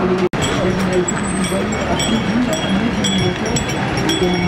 ma you.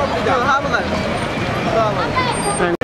toplayacağım. Ha bunlar. Sağ olun.